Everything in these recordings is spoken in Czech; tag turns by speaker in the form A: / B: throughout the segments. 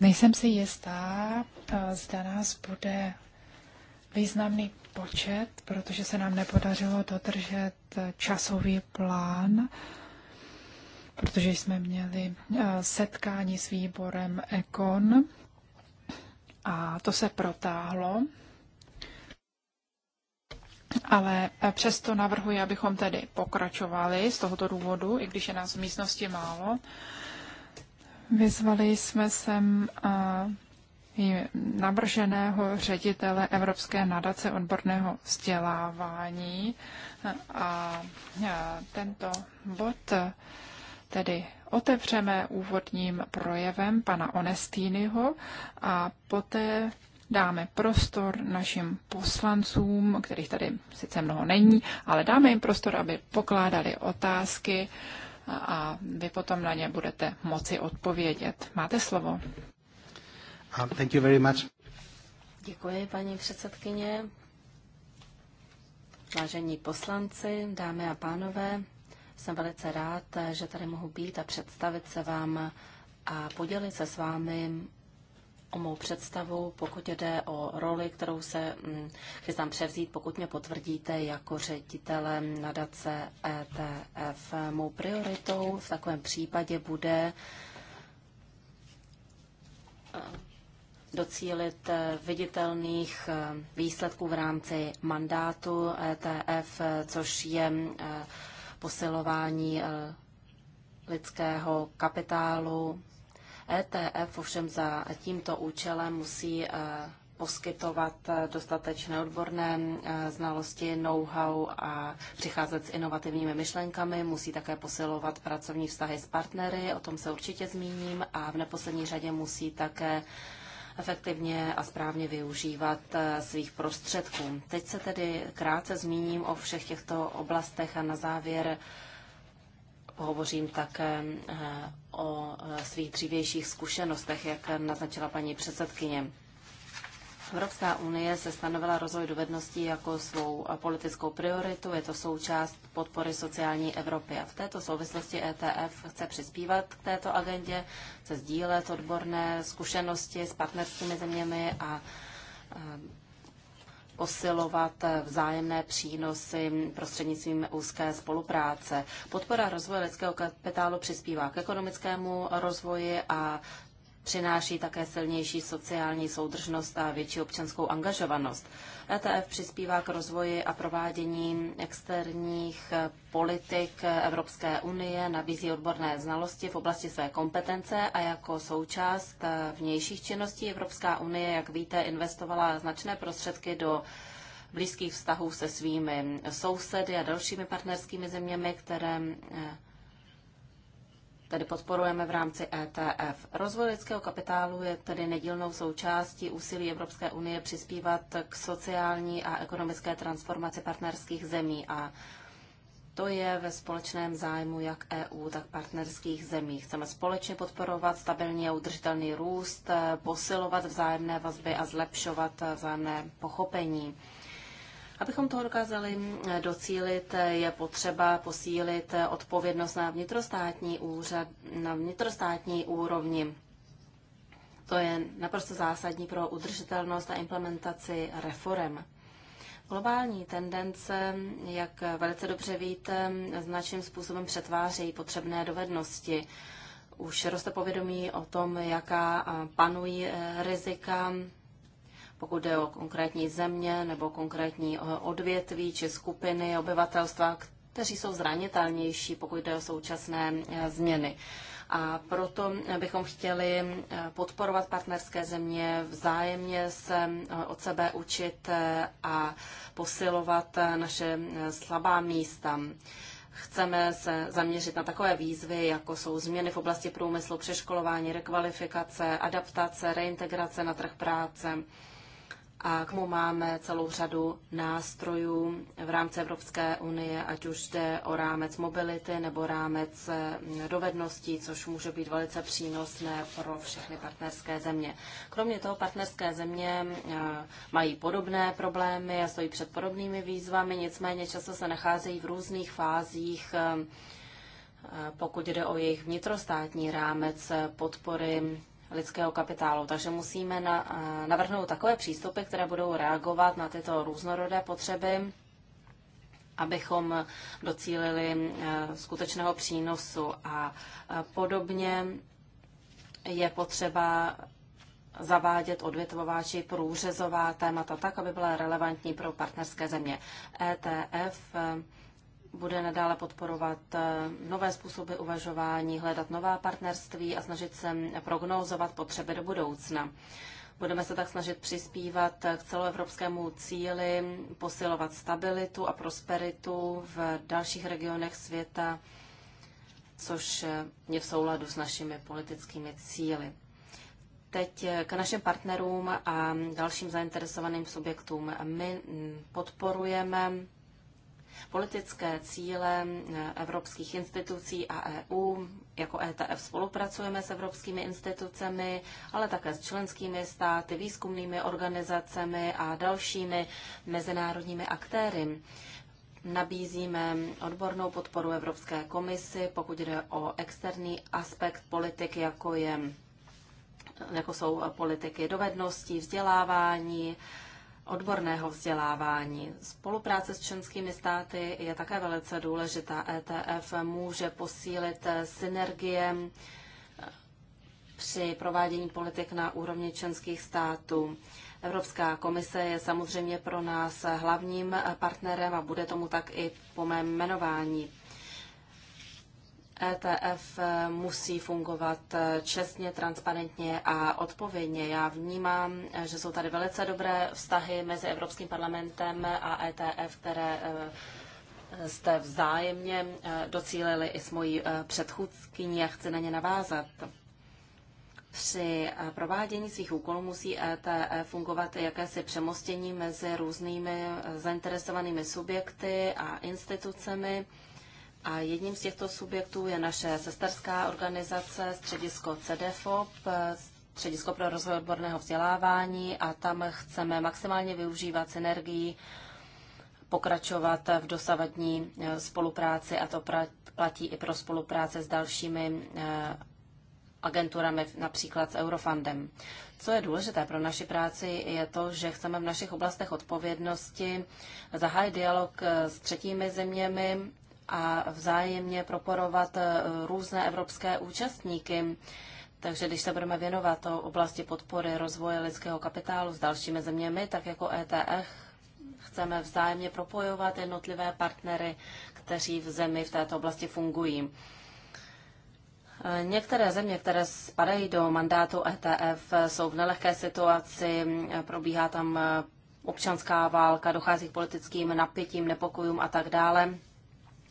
A: Nejsem si jistá, eh, zda nás bude významný počet, protože se nám nepodařilo dodržet eh, časový plán, protože jsme měli eh, setkání s výborem Ekon a to se protáhlo ale přesto navrhuji, abychom tedy pokračovali z tohoto důvodu, i když je nás v místnosti málo. Vyzvali jsme sem navrženého ředitele Evropské nadace odborného vzdělávání a tento bod tedy otevřeme úvodním projevem pana Onestýnyho a poté dáme prostor našim poslancům, kterých tady sice mnoho není, ale dáme jim prostor, aby pokládali otázky a vy potom na ně budete moci odpovědět. Máte slovo.
B: Thank you very much. Děkuji, paní předsedkyně. Vážení poslanci, dámy a pánové, jsem velice rád, že tady mohu být a představit se vám a podělit se s vámi o mou představu, pokud jde o roli, kterou se mm, chystám převzít, pokud mě potvrdíte jako ředitele nadace ETF. Mou prioritou v takovém případě bude eh, docílit eh, viditelných eh, výsledků v rámci mandátu ETF, což je posilování lidského kapitálu ETF ovšem za tímto účelem musí e, poskytovat e, dostatečné odborné e, znalosti, know-how a přicházet s inovativními myšlenkami. Musí také posilovat pracovní vztahy s partnery, o tom se určitě zmíním, a v neposlední řadě musí také efektivně a správně využívat svých prostředků. Teď se tedy krátce zmíním o všech těchto oblastech a na závěr hovořím také eh, o eh, svých dřívějších zkušenostech, jak naznačila paní předsedkyně. Evropská unie se stanovila rozvoj dovedností jako svou politickou prioritu, je to součást podpory sociální Evropy. A v této souvislosti ETF chce přispívat k této agendě, chce sdílet odborné zkušenosti s partnerskými zeměmi a eh, posilovat vzájemné přínosy prostřednictvím úzké spolupráce. Podpora rozvoje lidského kapitálu přispívá k ekonomickému rozvoji a Přináší také silnější sociální soudržnost a větší občanskou angažovanost. ETF přispívá k rozvoji a provádění externích politik Evropské unie, nabízí odborné znalosti v oblasti své kompetence a jako součást vnějších činností Evropská unie, jak víte, investovala značné prostředky do blízkých vztahů se svými sousedy a dalšími partnerskými zeměmi, které eh, tedy podporujeme v rámci ETF. Rozvoj lidského kapitálu je tedy nedílnou součástí úsilí Evropské unie přispívat k sociální a ekonomické transformaci partnerských zemí a to je ve společném zájmu jak EU, tak partnerských zemí. Chceme společně podporovat stabilní a udržitelný růst, posilovat vzájemné vazby a zlepšovat vzájemné pochopení. Abychom toho dokázali eh, docílit, eh, je potřeba posílit eh, odpovědnost na vnitrostátní, úřad, na vnitrostátní úrovni. To je naprosto zásadní pro udržitelnost a implementaci reform. Globální tendence, jak velice dobře víte, značným způsobem přetvářejí potřebné dovednosti. Už roste povědomí o tom, jaká panují rizika pokud jde o konkrétní země nebo konkrétní eh, odvětví či skupiny obyvatelstva, kteří jsou zranitelnější, pokud jde o současné eh, změny. A proto eh, bychom chtěli podporovat partnerské země, vzájemně se od sebe učit a posilovat naše slabá místa. Chceme se zaměřit na takové výzvy, jako jsou změny v oblasti průmyslu, přeškolování, rekvalifikace, adaptace, reintegrace na trh práce a k tomu máme celou řadu nástrojů v rámci Evropské unie, ať už jde o rámec mobility nebo rámec eh, dovedností, což může být velice přínosné pro všechny partnerské země. Kromě toho partnerské země eh, mají podobné problémy a stojí před podobnými výzvami, nicméně často se nacházejí v různých fázích eh, pokud jde o jejich vnitrostátní rámec podpory lidského kapitálu. Takže musíme eh, navrhnout takové přístupy, které budou reagovat na tyto různorodé potřeby, abychom docílili eh, skutečného přínosu. A eh, podobně je potřeba zavádět odvětvová či průřezová témata tak, aby byla relevantní pro partnerské země. ETF bude nadále podporovat eh, nové způsoby uvažování, hledat nová partnerství a snažit se prognózovat potřeby do budoucna. Budeme se tak snažit přispívat k celoevropskému cíli, posilovat stabilitu a prosperitu v dalších regionech světa, což je v souladu s našimi politickými cíly. Teď k našim partnerům a dalším zainteresovaným subjektům. My podporujeme politické cíle eh, evropských institucí a EU. Jako ETF spolupracujeme s evropskými institucemi, ale také s členskými státy, výzkumnými organizacemi a dalšími mezinárodními aktéry. Nabízíme odbornou podporu Evropské komisi, pokud jde o externí aspekt politik, jako, je, jako jsou politiky dovedností, vzdělávání, odborného vzdělávání. Spolupráce s členskými státy je také velice důležitá. ETF může posílit synergie při provádění politik na úrovni členských států. Evropská komise je samozřejmě pro nás hlavním partnerem a bude tomu tak i po mém jmenování. ETF eh, musí fungovat eh, čestně, transparentně a odpovědně. Já vnímám, eh, že jsou tady velice dobré vztahy mezi Evropským parlamentem a ETF, které jste vzájemně docílili i s mojí předchůdkyní a chci na ně navázat. Při provádění svých úkolů musí ETF fungovat jakési přemostění mezi různými zainteresovanými subjekty a institucemi a jedním z těchto subjektů je naše sesterská organizace Středisko CDFOP, Středisko pro rozvoj odborného vzdělávání a tam chceme maximálně využívat synergii, pokračovat v dosavadní eh, spolupráci a to platí i pro spolupráce s dalšími eh, agenturami, například s Eurofundem. Co je důležité pro naši práci, je to, že chceme v našich oblastech odpovědnosti zahájit dialog eh, s třetími zeměmi a vzájemně proporovat eh, různé evropské účastníky. Takže když se budeme věnovat o oblasti podpory rozvoje lidského kapitálu s dalšími zeměmi, tak jako ETF chceme vzájemně propojovat jednotlivé partnery, kteří v zemi v této oblasti fungují. Eh, některé země, které spadají do mandátu ETF, jsou v nelehké situaci, eh, probíhá tam občanská válka, dochází k politickým napětím, nepokojům a tak dále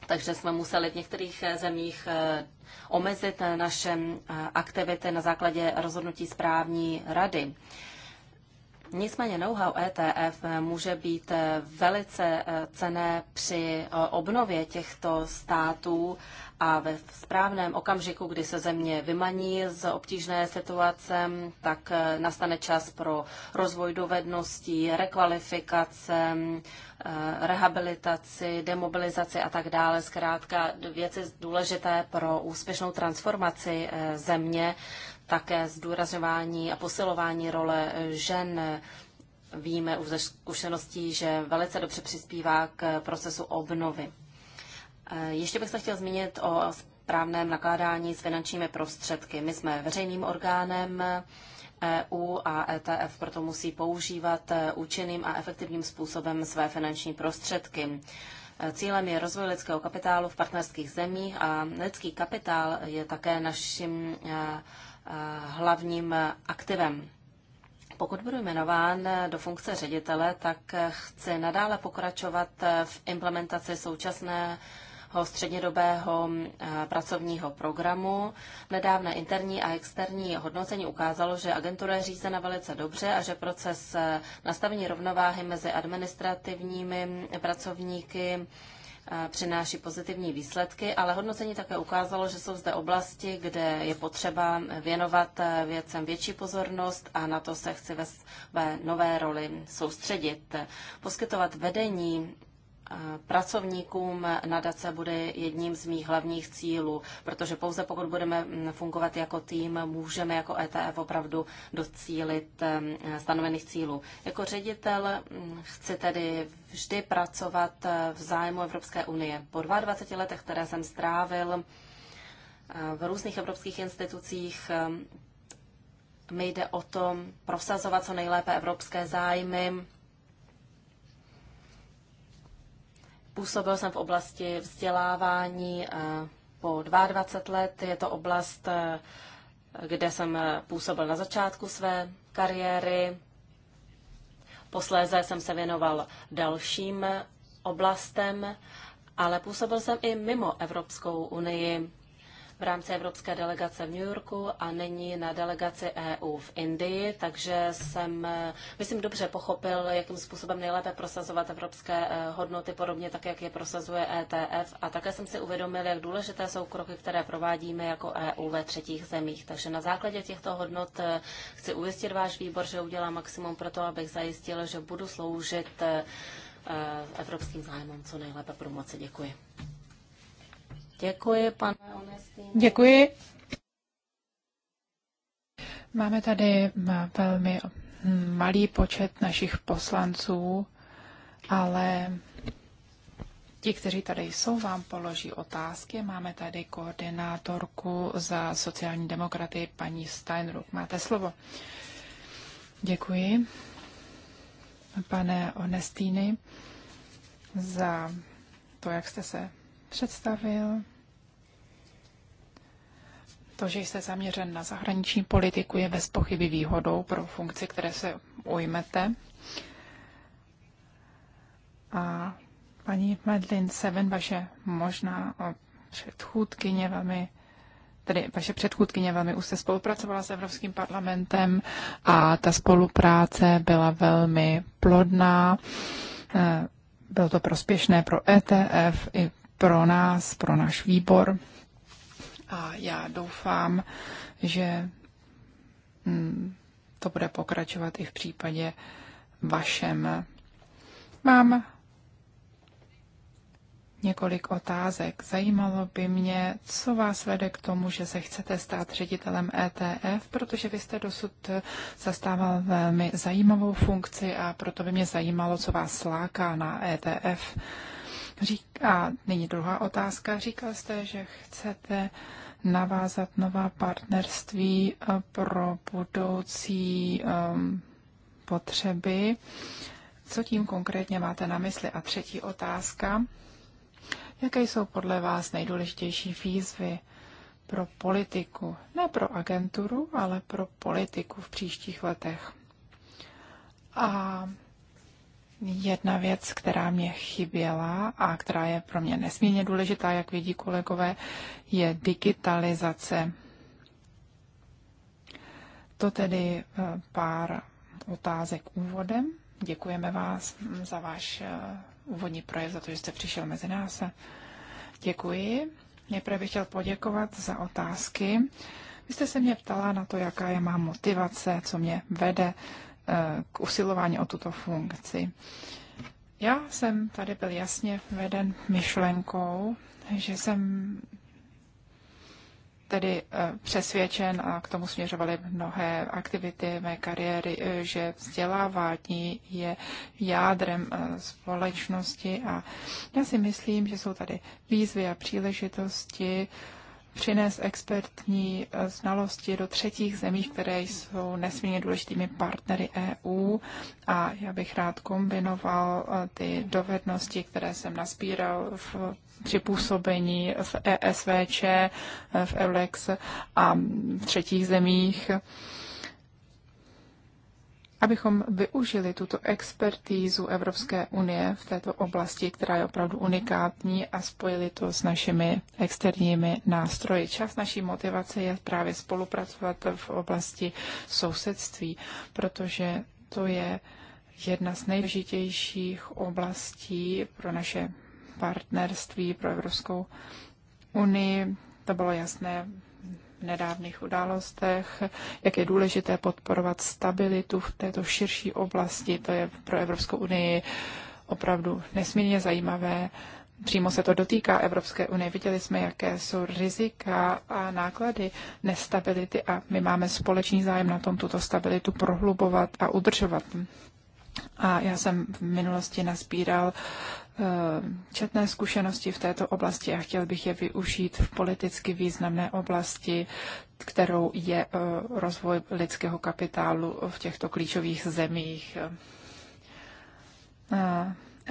B: takže jsme museli v některých eh, zemích eh, omezit eh, naše aktivity na základě rozhodnutí správní rady. Nicméně know-how ETF může být eh, velice eh, cené při eh, obnově těchto států a ve správném okamžiku, kdy se země vymaní z obtížné situace, tak nastane čas pro rozvoj dovedností, rekvalifikace, rehabilitaci, demobilizaci a tak dále. Zkrátka věci důležité pro úspěšnou transformaci země také zdůrazňování a posilování role žen. Víme už ze zkušeností, že velice dobře přispívá k procesu obnovy. E, ještě bych se chtěl zmínit o správném nakládání s finančními prostředky. My jsme veřejným orgánem EU a ETF proto musí používat e, účinným a efektivním způsobem své finanční prostředky. Cílem je rozvoj lidského kapitálu v partnerských zemích a lidský kapitál je také naším eh, eh, hlavním aktivem. Pokud budu jmenován do funkce ředitele, tak chci nadále pokračovat v implementaci současné střednědobého eh, pracovního programu. Nedávné interní a externí hodnocení ukázalo, že agentura je řízena velice dobře a že proces eh, nastavení rovnováhy mezi administrativními pracovníky eh, přináší pozitivní výsledky, ale hodnocení také ukázalo, že jsou zde oblasti, kde je potřeba věnovat věcem větší pozornost a na to se chci ve své nové roli soustředit. Poskytovat vedení pracovníkům nadace bude jedním z mých hlavních cílů, protože pouze pokud budeme fungovat jako tým, můžeme jako ETF opravdu docílit stanovených cílů. Jako ředitel hm, chci tedy vždy pracovat eh, v zájmu Evropské unie. Po 22 letech, které jsem strávil eh, v různých evropských institucích, mi jde o to prosazovat co nejlépe evropské zájmy, Působil jsem v oblasti vzdělávání eh, po 22 let. Je to oblast, eh, kde jsem eh, působil na začátku své kariéry. Posléze jsem se věnoval dalším oblastem, ale působil jsem i mimo Evropskou unii v rámci evropské delegace v New Yorku a nyní na delegaci EU v Indii, takže jsem, myslím, dobře pochopil, jakým způsobem nejlépe prosazovat evropské eh, hodnoty, podobně tak, jak je prosazuje ETF. A také jsem si uvědomil, jak důležité jsou kroky, které provádíme jako EU ve třetích zemích. Takže na základě těchto hodnot eh, chci ujistit váš výbor, že udělám maximum pro to, abych zajistil, že budu sloužit eh, evropským zájmům co nejlépe pro moci. Děkuji. Děkuji, pane Onestýne. Děkuji.
A: Máme tady velmi malý počet našich poslanců, ale ti, kteří tady jsou, vám položí otázky. Máme tady koordinátorku za sociální demokraty, paní Steinruck. Máte slovo. Děkuji, pane Onestýny, za to, jak jste se představil. To, že jste zaměřen na zahraniční politiku, je bez pochyby výhodou pro funkci, které se ujmete. A paní Madeleine Seven, vaše možná předchůdkyně velmi tedy vaše předchůdkyně velmi se spolupracovala s Evropským parlamentem a ta spolupráce byla velmi plodná. E, bylo to prospěšné pro ETF i pro nás, pro náš výbor. A já doufám, že hm, to bude pokračovat i v případě vašem. Mám několik otázek. Zajímalo by mě, co vás vede k tomu, že se chcete stát ředitelem ETF, protože vy jste dosud zastával velmi zajímavou funkci a proto by mě zajímalo, co vás láká na ETF. Říká, nyní druhá otázka. Říkal jste, že chcete navázat nová partnerství eh, pro budoucí um, potřeby. Co tím konkrétně máte na mysli? A třetí otázka. Jaké jsou podle vás nejdůležitější výzvy pro politiku? Ne pro agenturu, ale pro politiku v příštích letech. A jedna věc, která mě chyběla a která je pro mě nesmírně důležitá, jak vidí kolegové, je digitalizace. To tedy eh, pár otázek úvodem. Děkujeme vás hm, za váš eh, úvodní projev, za to, že jste přišel mezi nás. Děkuji. Nejprve bych chtěl poděkovat za otázky. Vy jste se mě ptala na to, jaká je má motivace, co mě vede k usilování o tuto funkci. Já jsem tady byl jasně veden myšlenkou, že jsem tedy e, přesvědčen, a k tomu směřovaly mnohé aktivity mé kariéry, e, že vzdělávání je jádrem e, společnosti a já si myslím, že jsou tady výzvy a příležitosti, přinést expertní eh, znalosti do třetích zemí, které jsou nesmírně důležitými partnery EU a já bych rád kombinoval eh, ty dovednosti, které jsem naspíral v při působení v ESVČ, v EULEX eh, e a v třetích zemích abychom využili tuto expertízu Evropské unie v této oblasti, která je opravdu unikátní a spojili to s našimi externími nástroji. Část naší motivace je právě spolupracovat v oblasti sousedství, protože to je jedna z nejdůležitějších oblastí pro naše partnerství pro Evropskou unii. To bylo jasné nedávných událostech, jak je důležité podporovat stabilitu v této širší oblasti. To je pro Evropskou unii opravdu nesmírně zajímavé. Přímo se to dotýká Evropské unie. Viděli jsme, jaké jsou rizika a náklady nestability a my máme společný zájem na tom tuto stabilitu prohlubovat a udržovat. A já jsem v minulosti nazbíral eh, četné zkušenosti v této oblasti a chtěl bych je využít v politicky významné oblasti, kterou je eh, rozvoj lidského kapitálu v těchto klíčových zemích.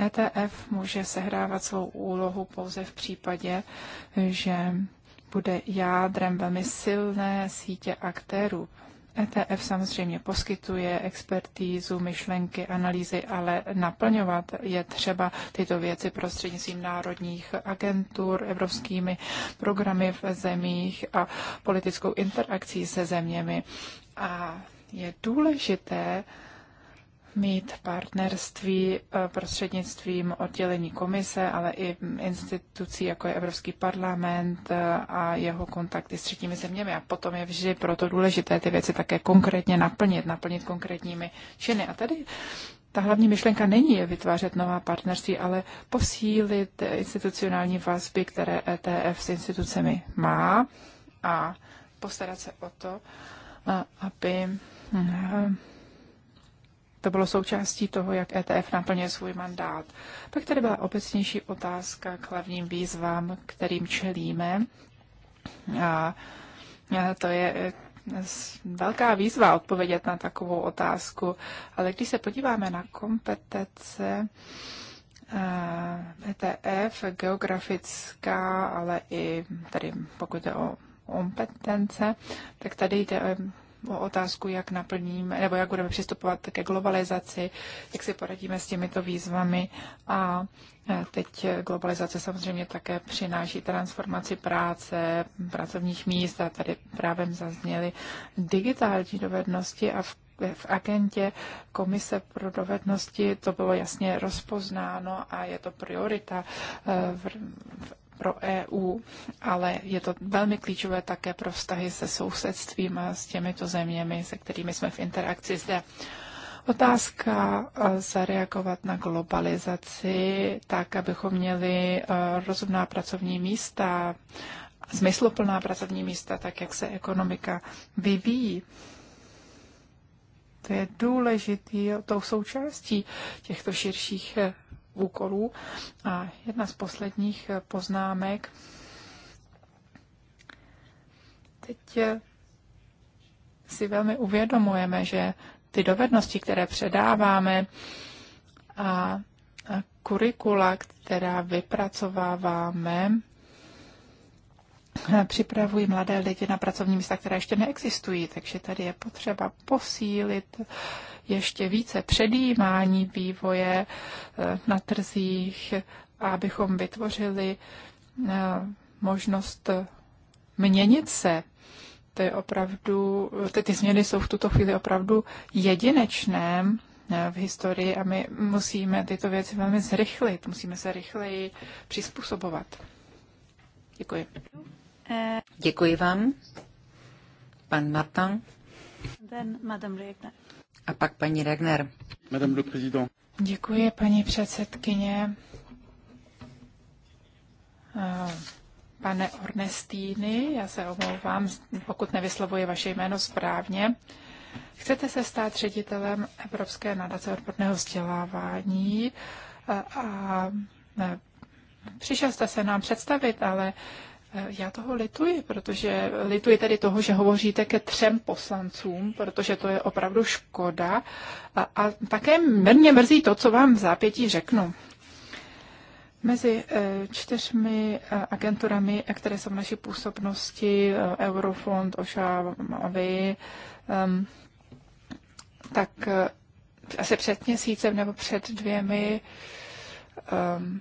A: ETF eh, e může sehrávat svou úlohu pouze v případě, že bude jádrem velmi silné sítě aktérů ETF samozřejmě poskytuje expertízu, myšlenky, analýzy, ale naplňovat je třeba tyto věci prostřednictvím národních agentur, evropskými programy v zemích a politickou interakcí se zeměmi. A je důležité, mít partnerství eh, prostřednictvím oddělení komise, ale i institucí, jako je Evropský parlament eh, a jeho kontakty s třetími zeměmi. A potom je vždy proto důležité ty věci také konkrétně naplnit, naplnit konkrétními činy. A tady ta hlavní myšlenka není je vytvářet nová partnerství, ale posílit institucionální vazby, které ETF s institucemi má a postarat se o to, eh, aby to bylo součástí toho, jak ETF naplňuje svůj mandát. Pak tady byla obecnější otázka k hlavním výzvám, kterým čelíme. A to je e, velká výzva odpovědět na takovou otázku, ale když se podíváme na kompetence ETF, geografická, ale i tady pokud je o kompetence, tak tady jde o o otázku, jak naplníme, nebo jak budeme přistupovat ke globalizaci, jak si poradíme s těmito výzvami. A e, teď globalizace samozřejmě také přináší transformaci práce, pracovních míst a tady právě zazněly digitální dovednosti a v v agentě Komise pro dovednosti to bylo jasně rozpoznáno a je to priorita e, v, pro EU, ale je to velmi klíčové také pro vztahy se sousedstvím a s těmito zeměmi, se kterými jsme v interakci zde. Otázka eh, zareagovat na globalizaci tak, abychom měli eh, rozumná pracovní místa, smysluplná pracovní místa, tak jak se ekonomika vyvíjí. To je důležitý tou součástí těchto širších eh, úkolů. A jedna z posledních poznámek. Teď si velmi uvědomujeme, že ty dovednosti, které předáváme a kurikula, která vypracováváme, připravují mladé lidi na pracovní místa, které ještě neexistují, takže tady je potřeba posílit ještě více předjímání vývoje eh, na trzích, abychom vytvořili eh, možnost měnit se. To je opravdu, ty, ty změny jsou v tuto chvíli opravdu jedinečné eh, v historii a my musíme tyto věci velmi zrychlit, musíme se rychleji přizpůsobovat.
C: Děkuji. Děkuji vám. Pan Martin. Then Madame Regner. A pak paní Regner. Madame le président.
A: Děkuji, paní předsedkyně. Eh, pane Ornestýny, já se omlouvám, pokud nevyslovuji vaše jméno správně. Chcete se stát ředitelem Evropské nadace odborného vzdělávání eh, a eh, přišel jste se nám představit, ale já toho lituji, protože lituji tedy toho, že hovoříte ke třem poslancům, protože to je opravdu škoda. A, a také mrně mrzí to, co vám v zápětí řeknu. Mezi eh, čtyřmi eh, agenturami, eh, které jsou v naší působnosti, Eurofond, OŠA, MAVI, ehm, tak asi před měsícem nebo před dvěmi ehm,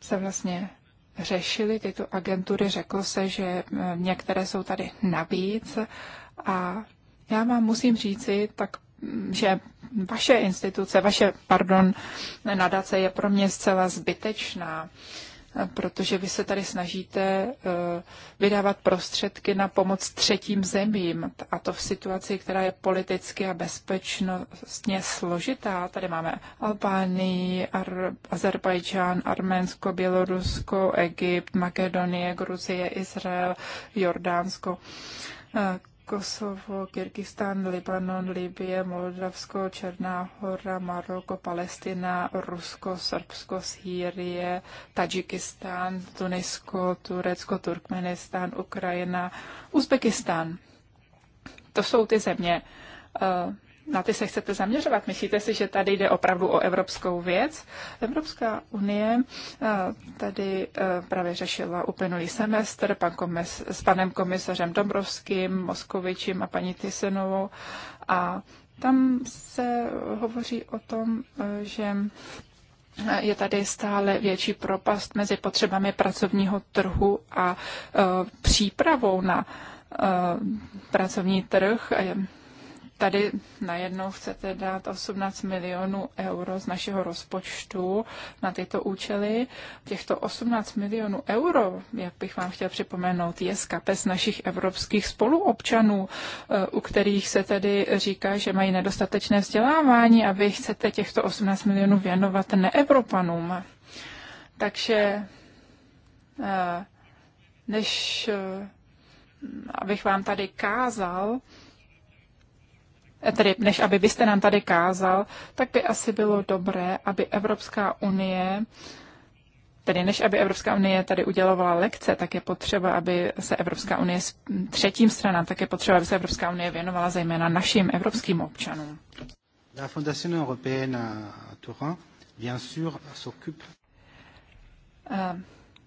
A: se vlastně řešili tyto agentury, řeklo se, že eh, některé jsou tady navíc a já vám musím říci, tak mm, že vaše instituce, vaše, pardon, nadace je pro mě zcela zbytečná protože vy se tady snažíte eh, vydávat prostředky na pomoc třetím zemím a to v situaci, která je politicky a bezpečnostně složitá. Tady máme Albánii, Ar- Azerbajdžán, Arménsko, Bělorusko, Egypt, Makedonie, Gruzie, Izrael, Jordánsko. Eh, Kosovo, Kyrgyzstan, Libanon, Libie, Moldavsko, Černá hora, Maroko, Palestina, Rusko, Srbsko, Sýrie, Tadžikistán, Tunisko, Turecko, Turkmenistán, Ukrajina, Uzbekistán. To jsou ty země, eh, na ty se chcete zaměřovat? Myslíte si, že tady jde opravdu o evropskou věc? Evropská unie eh, tady eh, právě řešila uplynulý semestr pan komis, s panem komisařem Dombrovským, Moskovičem a paní Tysenovou a tam se hovoří o tom, eh, že je tady stále větší propast mezi potřebami pracovního trhu a přípravou na pracovní trh tady najednou chcete dát 18 milionů euro z našeho rozpočtu na tyto účely. Těchto 18 milionů euro, jak bych vám chtěl připomenout, je z kapes našich evropských spoluobčanů, eh, u kterých se tedy říká, že mají nedostatečné vzdělávání a vy chcete těchto 18 milionů věnovat neevropanům. Takže eh, než eh, abych vám tady kázal, tedy než aby byste nám tady kázal, tak by asi bylo dobré, aby Evropská unie Tedy než aby Evropská unie tady udělovala lekce, tak je potřeba, aby se Evropská unie třetím stranám, tak je potřeba, aby se Evropská unie věnovala zejména našim evropským občanům.
C: La Fondation européenne à Turin, bien sûr, s'occupe.
A: Eh,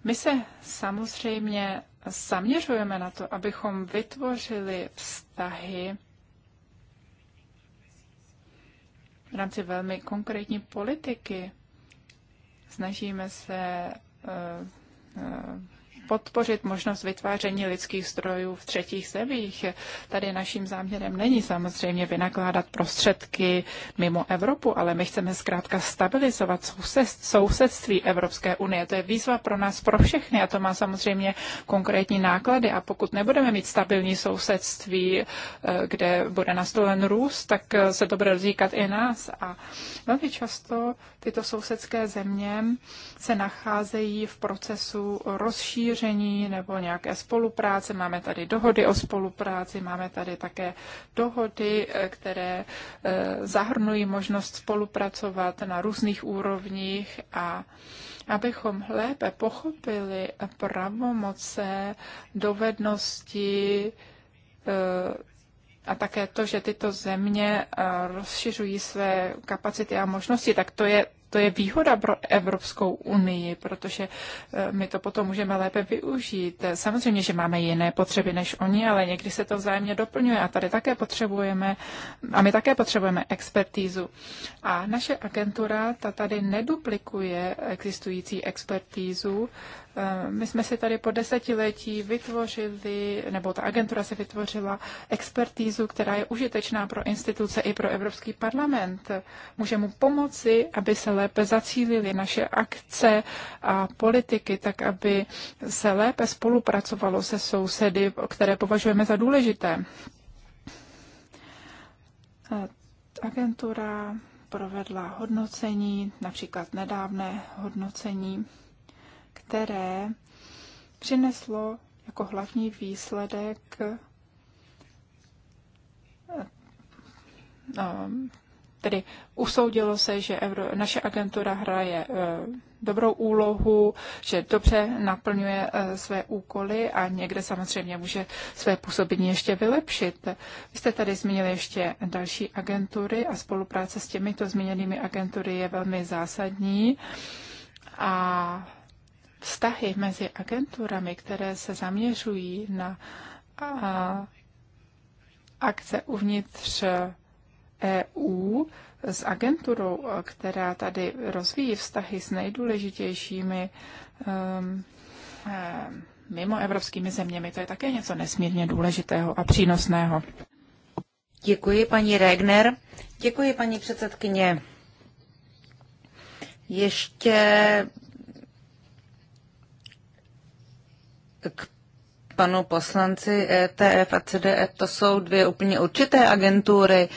A: my se samozřejmě zaměřujeme na to, abychom vytvořili vztahy v rámci velmi konkrétní politiky. Snažíme se eh, eh, podpořit možnost vytváření lidských strojů v třetích zemích. Tady naším záměrem není samozřejmě vynakládat prostředky mimo Evropu, ale my chceme zkrátka stabilizovat sousedství Evropské unie. To je výzva pro nás, pro všechny a to má samozřejmě konkrétní náklady. A pokud nebudeme mít stabilní sousedství, eh, kde bude nastolen růst, tak eh, se to bude dotýkat i nás. A velmi často tyto sousedské země se nacházejí v procesu rozšíření rozšíření nebo nějaké spolupráce. Máme tady dohody o spolupráci, máme tady také dohody, eh, které eh, zahrnují možnost spolupracovat na různých úrovních a abychom lépe pochopili pravomoce, dovednosti, eh, a také to, že tyto země rozšiřují své kapacity a možnosti, tak to je to je výhoda pro Evropskou unii, protože eh, my to potom můžeme lépe využít. Samozřejmě, že máme jiné potřeby než oni, ale někdy se to vzájemně doplňuje a tady také potřebujeme, a my také potřebujeme expertízu. A naše agentura ta tady neduplikuje existující expertízu. Eh, my jsme si tady po desetiletí vytvořili, nebo ta agentura se vytvořila expertízu, která je užitečná pro instituce i pro Evropský parlament. Může mu pomoci, aby se lépe zacílili naše akce a politiky, tak aby se lépe spolupracovalo se sousedy, které považujeme za důležité. Agentura provedla hodnocení, například nedávné hodnocení, které přineslo jako hlavní výsledek tedy usoudilo se, že Euro, naše agentura hraje eh, dobrou úlohu, že dobře naplňuje eh, své úkoly a někde samozřejmě může své působení ještě vylepšit. Vy jste tady zmínili ještě další agentury a spolupráce s těmito zmíněnými agentury je velmi zásadní. A vztahy mezi agenturami, které se zaměřují na a, akce uvnitř EU s agenturou, která tady rozvíjí vztahy s nejdůležitějšími um, um, mimo evropskými zeměmi, to je také něco nesmírně důležitého a přínosného.
C: Děkuji, paní Regner. Děkuji, paní předsedkyně. Ještě k panu poslanci ETF a CDF, e, to jsou dvě úplně určité agentury. Uh,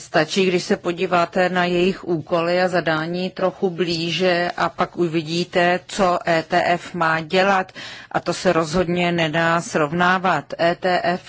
C: Stačí, když se podíváte na jejich úkoly a zadání trochu blíže a pak uvidíte, co ETF má dělat a to se rozhodně nedá srovnávat. ETF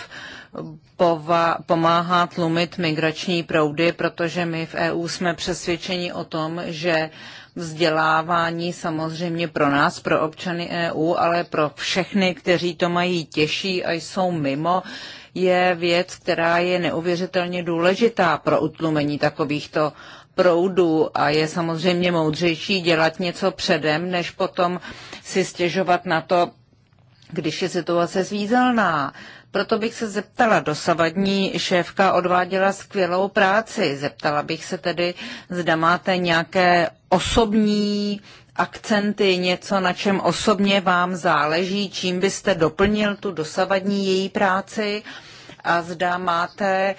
C: pomáhá tlumit migrační proudy, protože my v EU jsme přesvědčeni o tom, že vzdělávání samozřejmě pro nás, pro občany EU, ale pro všechny, kteří to mají těžší a jsou mimo, je věc, která je neuvěřitelně důležitá pro utlumení takovýchto proudu a je samozřejmě moudřejší dělat něco předem, než potom si stěžovat na to, když je situace zvízelná. Proto bych se zeptala, dosavadní šéfka odváděla skvělou práci. Zeptala bych se tedy, zda máte nějaké osobní akcenty, něco, na čem osobně vám záleží, čím byste doplnil tu dosavadní její práci a zda máte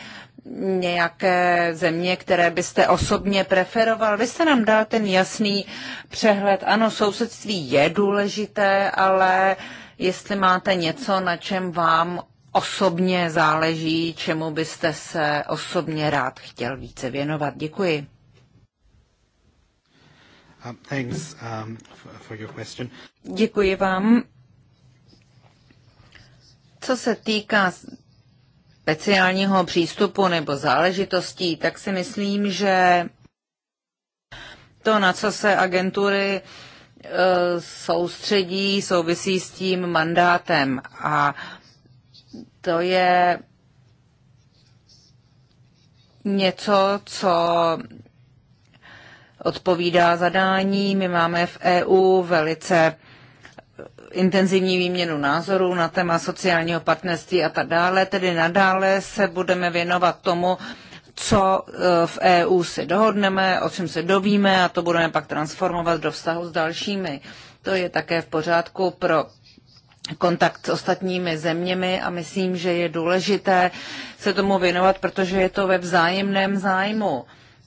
C: nějaké země, které byste osobně preferoval. Vy jste nám dal ten jasný přehled. Ano, sousedství je důležité, ale jestli máte něco, na čem vám osobně záleží, čemu byste se osobně rád chtěl více věnovat. Děkuji. Um, um, Děkuji vám. Co se týká speciálního přístupu nebo záležitostí, tak si myslím, že to, na co se agentury e, soustředí, souvisí s tím mandátem. A to je něco, co odpovídá zadání. My máme v EU velice intenzivní výměnu názorů na téma sociálního partnerství a tak dále. Tedy nadále se budeme věnovat tomu, co e, v EU si dohodneme, o čem se dovíme a to budeme pak transformovat do vztahu s dalšími. To je také v pořádku pro kontakt s ostatními zeměmi a myslím, že je důležité se tomu věnovat, protože je to ve vzájemném zájmu.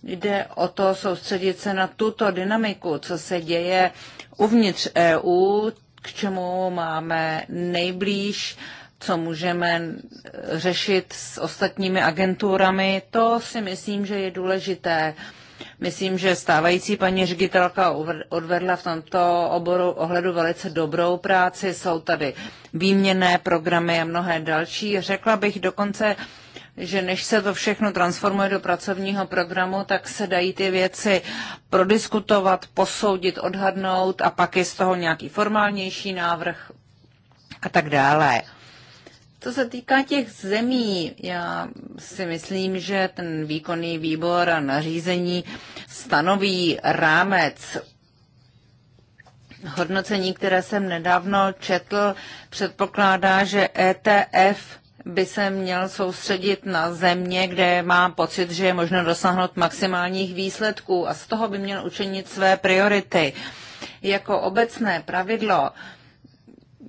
C: Jde o to soustředit se na tuto dynamiku, co se děje uvnitř EU, k čemu máme nejblíž, co můžeme řešit s ostatními agenturami, to si myslím, že je důležité. Myslím, že stávající paní ředitelka odvedla v tomto oboru ohledu velice dobrou práci. Jsou tady výměné programy a mnohé další. Řekla bych dokonce, že než se to všechno transformuje do pracovního programu, tak se dají ty věci prodiskutovat, posoudit, odhadnout a pak je z toho nějaký formálnější návrh a tak dále. Co se týká těch zemí, já si myslím, že ten výkonný výbor a nařízení stanoví rámec hodnocení, které jsem nedávno četl, předpokládá, že ETF by se měl soustředit na země, kde má pocit, že je možno dosáhnout maximálních výsledků a z toho by měl učinit své priority. Jako obecné pravidlo,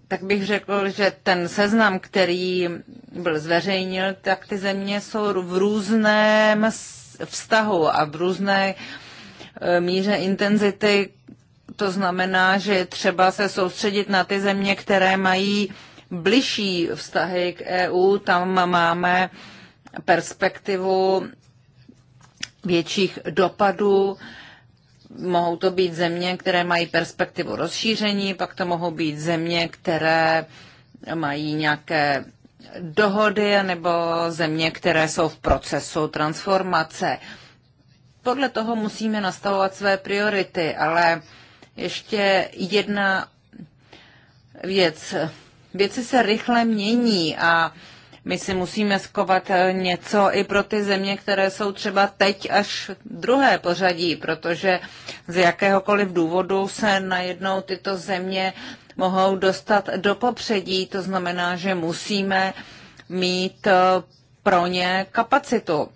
C: tak bych řekl, že ten seznam, který byl zveřejnil, tak ty země jsou v různém vztahu a v různé e, míře intenzity. To znamená, že třeba se soustředit na ty země, které mají bližší vztahy k EU. Tam máme perspektivu větších dopadů. Mohou to být země, které mají perspektivu rozšíření, pak to mohou být země, které mají nějaké dohody nebo země, které jsou v procesu transformace. Podle toho musíme nastavovat své priority, ale ještě jedna věc věci se rychle mění a my si musíme skovat eh, něco i pro ty země, které jsou třeba teď až druhé pořadí, protože z jakéhokoliv důvodu se najednou tyto země mohou dostat do popředí. To znamená, že musíme mít eh, pro ně kapacitu.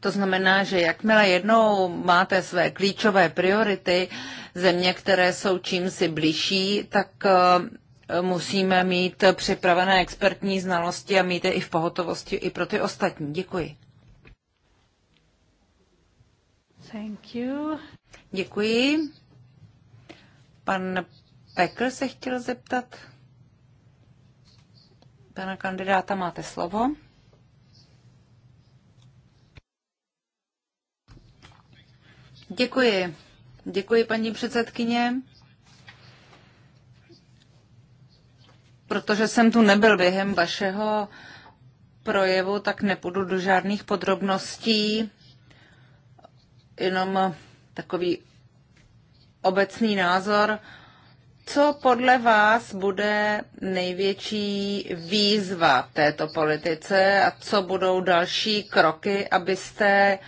C: To znamená, že jakmile jednou máte své klíčové priority, země, které jsou čím si blížší, tak eh, musíme mít připravené expertní znalosti a mít je i v pohotovosti i pro ty ostatní. Děkuji. Thank you. Děkuji. Pan Pekl se chtěl zeptat. Pana kandidáta, máte slovo. Děkuji. Děkuji, paní předsedkyně. protože jsem tu nebyl během vašeho projevu, tak nepůjdu do žádných podrobností, jenom takový obecný názor. Co podle vás bude největší výzva této politice a co budou další kroky, abyste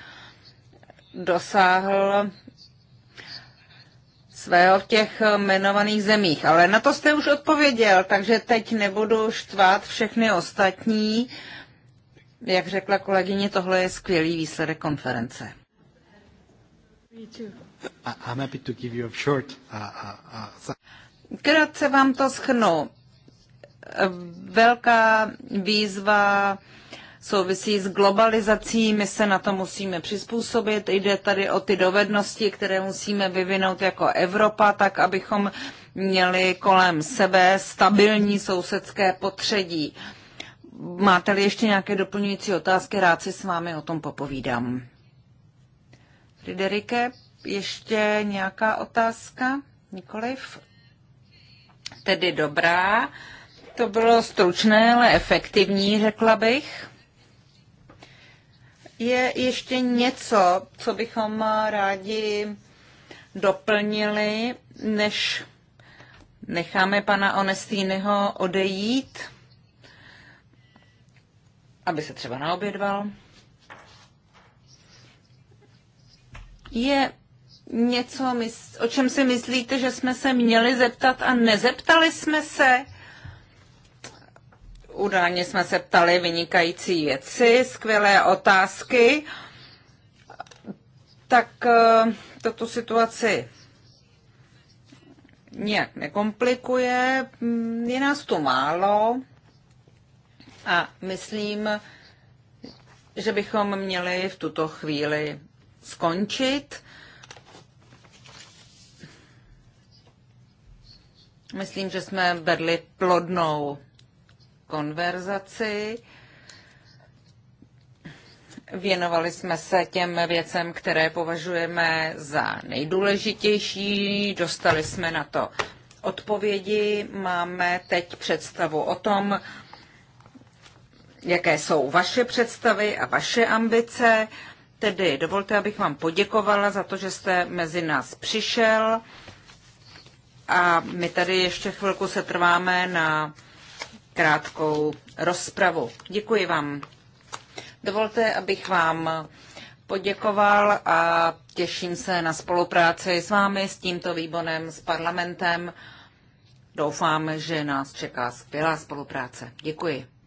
C: dosáhl svého v těch eh, jmenovaných zemích. Ale na to jste už odpověděl, takže teď nebudu štvát všechny ostatní. Jak řekla kolegyně, tohle je skvělý výsledek konference. Krátce vám to schnu. Velká výzva souvisí s globalizací, my se na to musíme přizpůsobit. Jde tady o ty dovednosti, které musíme vyvinout jako Evropa, tak abychom měli kolem sebe stabilní sousedské potředí. Máte-li ještě nějaké doplňující otázky, rád si s vámi o tom popovídám. Friderike, ještě nějaká otázka? Nikoliv? Tedy dobrá. To bylo stručné, ale efektivní, řekla bych je ještě něco, co bychom rádi doplnili, než necháme pana Onestýnyho odejít, aby se třeba naobědval. Je něco, o čem si myslíte, že jsme se měli zeptat a nezeptali jsme se? Údajně jsme se ptali vynikající věci, skvělé otázky. Tak eh, tato situaci nijak nekomplikuje. Mm, je nás tu málo a myslím, že bychom měli v tuto chvíli skončit. Myslím, že jsme vedli plodnou konverzaci. Věnovali jsme se těm věcem, které považujeme za nejdůležitější, dostali jsme na to odpovědi, máme teď představu o tom, jaké jsou vaše představy a vaše ambice. Tedy dovolte, abych vám poděkovala za to, že jste mezi nás přišel. A my tady ještě chvilku se trváme na krátkou rozpravu. Děkuji vám. Dovolte, abych vám poděkoval a těším se na spolupráci s vámi, s tímto výborem, s parlamentem. Doufám, že nás čeká skvělá spolupráce. Děkuji.